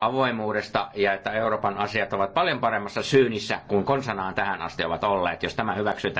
avoimuudesta ja että Euroopan asiat ovat paljon paremmassa syynissä kuin konsanaan tähän asti ovat olleet. Jos tämä hyväksytään,